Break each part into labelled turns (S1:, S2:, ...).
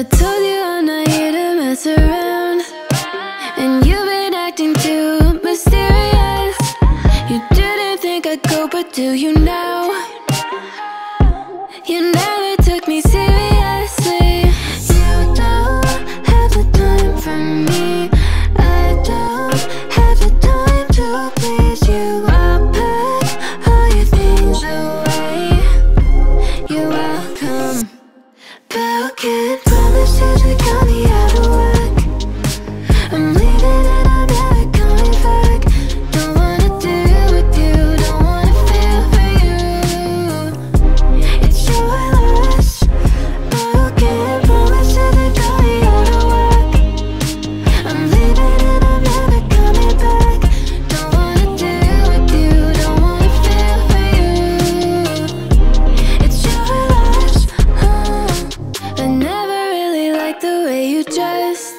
S1: I told you I'm not here to mess around And you've been acting too mysterious You didn't think I'd go, but do you now? to count me way you just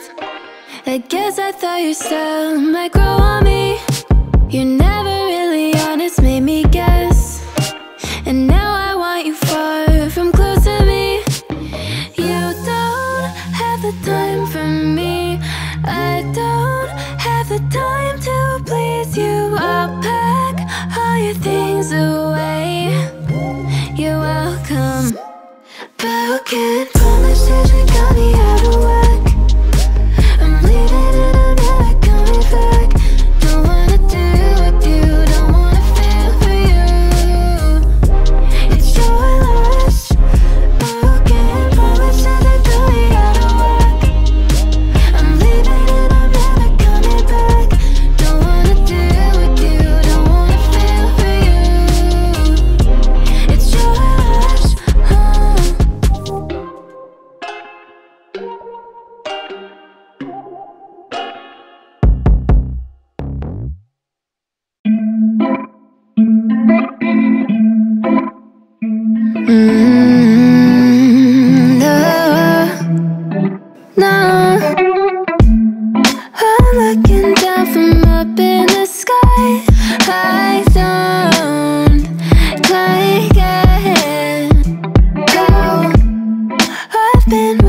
S1: I guess I thought you still might grow on me You never really honest made me guess And now I want you far from close to me You don't have the time for me I don't have the time to please you I'll pack all your things away You're welcome But promises can promise you got me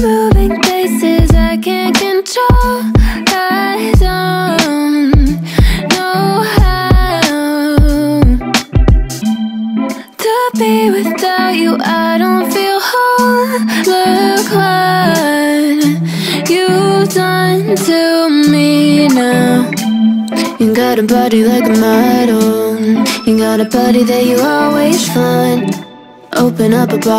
S1: moving places I can't control I don't know how To be without you I don't feel whole Look what you've done to me now You got a body like a model You got a body that you always find Open up a bottle.